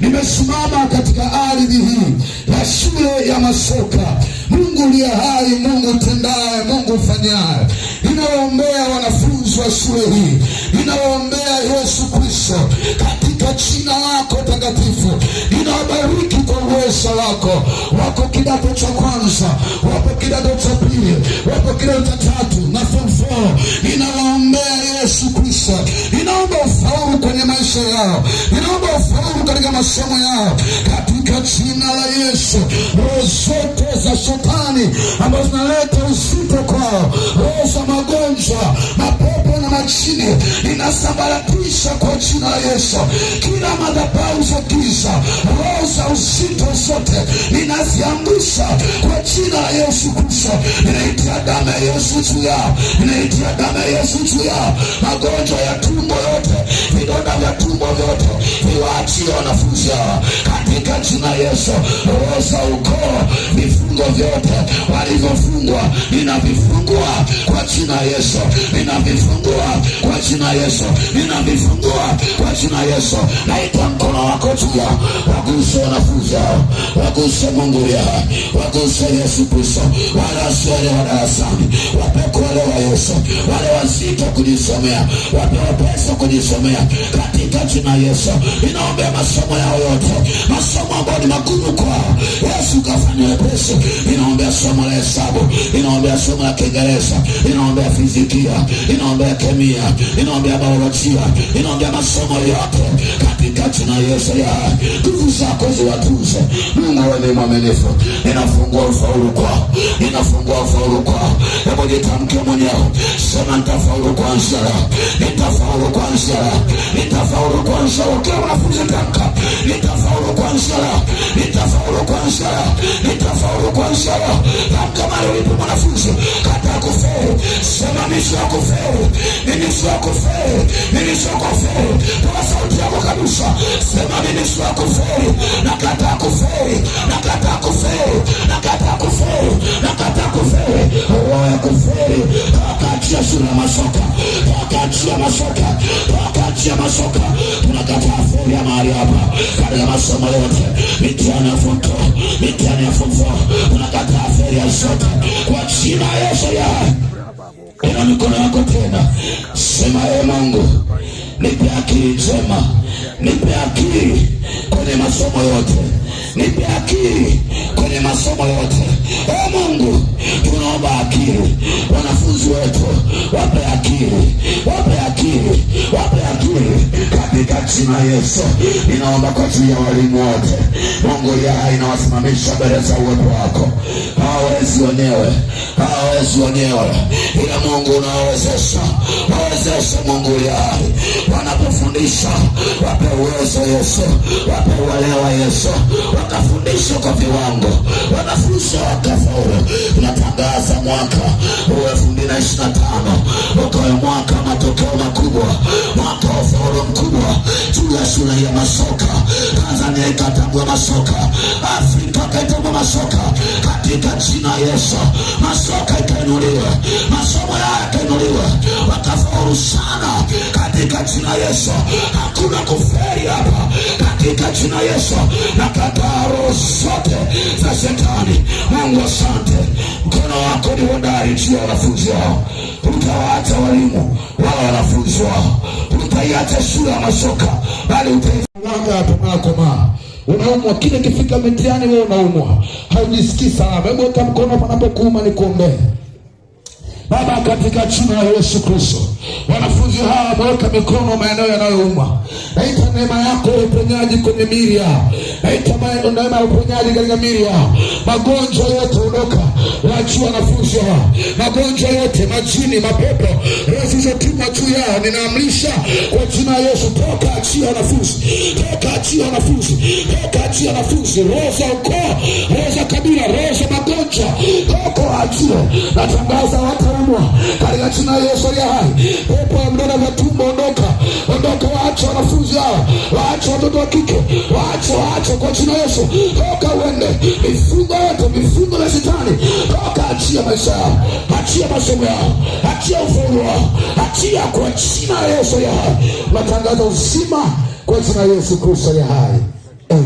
nimesimama katika ardhi hii ya shule ya Masoka. Mungu liye hai, Mungu tendaye, Mungu fanyaye, ninawaombea wanafunzi wa shule hii, ninawaombea Yesu Kristo, katika china lako takatifu inaobariki kwa uwezo wako. Wako kidato cha kwanza, wapo kidato cha pili, wapo kidato cha tatu na form four, maisha yao, ninaomba ufaulu katika masomo yao katika jina la Yesu. Roho zote za shetani ambazo zinaleta uzito kwao, roho za magonjwa, mapepo na machini, inasambaratisha kwa jina la Yesu. Kila madhabahu za giza, roho za uzito zote ninaziangusha kwa jina la Yesu Kristo. Inaitia damu ya Yesu juu yao, inaitia damu ya Yesu juu yao, magonjwa ya tumbo vidonda vya tumbo vyote viwaachie wanafunzi hawa katika jina Yesu. Roho za ukoo, vifungo vyote walivyofunga ninavifungua, ninavifungua kwa jina Yesu, ninavifungua kwa jina Yesu, ninavifungua kwa jina Yesu. Naita mkono wako juu yao, waguse wanafunzi hao, waguse Mungu yao, waguse Yesu Kristo, wala wasioelewa darasani, wape wa Yesu, wale wazito kujisomea, wape wepesi kujisomea katika jina Yesu. Ninaombea masomo yao yote, masomo ambayo ni magumu kwao, Yesu kafanya wepesi somo la hesabu, inaombea somo la Kiingereza, inaombea fizikia, inaombea kemia, inaombea biolojia, inaombea masomo yote katika jina Yesu ya nguvu zako ziwatunze. Mungu wewe ni mwaminifu, ninafungua ufaulu kwao, inafungua ufaulu kwao. Hebu jitamke mwenyewe, sema nitafaulu kwanza, nitafaulu kwanza, nitafaulu kwanza. Ukiwa unafunzi tamka, nitafaulu kwanza, nitafaulu kuanzia leo, nitafaulu kuanzia leo. Tamka mahali ulipo mwanafunzi, kataa kufeli, sema mimi si kufeli, mimi si kufeli, mimi si kufeli. Toa sauti yako kabisa, sema mimi si kufeli, nakataa kufeli, nakataa kufeli kufuru, toka Yesu na masoka, toka Yesu masoka, toka Yesu na masoka. Tunakataa furu ya mahali hapa kada ya masomo yote, mitiani ya form mitiani ya form four, tunakataa furu ya zote kwa jina la Yesu. Ina mikono yako tena, sema ye ee Mungu, nipe akili njema, nipe akili kwenye masomo yote, nipe akili kwenye masomo yote, ee Mungu naomba akili, wanafunzi wetu wape akili, wape akili, wape akili katika jina Yesu. Ninaomba kwa ajili ya walimu wote, Mungu ya inawasimamisha mbele za uwepo wako. Hawawezi wenyewe, hawawezi wenyewe, ila Mungu unawawezesha Yesu Mungu yao Wanapofundisha wape uwezo Yesu, wape uelewa Yesu, wakafundisha kwa viwango, wanafunzi wakafaulu. Tunatangaza mwaka wa elfu mbili na ishirini na tano ukawe mwaka matokeo makubwa, mwaka wa ufaulu mkubwa juu ya shule ya Masoka. Tanzania ikatambua Masoka, Afrika ikatambua Masoka, katika jina Yesu Masoka ikainuliwa sana katika jina Yesu. Hakuna kuferi hapa katika jina Yesu. Na kataro zote za shetani. Mungu asante, mkono wako ni hodari juu ya wanafunzi wao. Utawaacha walimu wala wanafunzi wao, utaiacha shule ya masoka, bali utaiwanga tunakomaa unaumwa kile kifika mitiani, wewe unaumwa, haujisikii salama. Hebu weka mkono panapokuuma, nikuombee. Baba, katika jina la Yesu Kristo, wanafunzi hawa wameweka mikono maeneo yanayoumwa. Naita neema yako ya uponyaji kwenye miili yao, naita neema ya uponyaji katika miili yao. Magonjwa yote ondoka, wachia wanafunzi hawa, magonjwa yote, majini, mapepo, roho zilizotumwa juu yao, ninaamrisha kwa jina la Yesu, toka, achia wanafunzi, toka, achia wanafunzi, toka, achia wanafunzi, roho za ukoo, roho za kabila, roho za magonjwa waachie, natangaza wataumwa katika jina la Yesu aliye hai. Pepo ya vidonda vya ondoka, ondoka, waache wanafunzi hawa, waache watoto wa kike, waache, waache kwa jina la Yesu, toka uende. Mifungo yote, mifungo ya shetani, toka, achia maisha yao, achia masomo yao, achia ufaulu wao, achia kwa jina la Yesu aliye hai. Natangaza uzima kwa jina la Yesu Kristo aliye hai.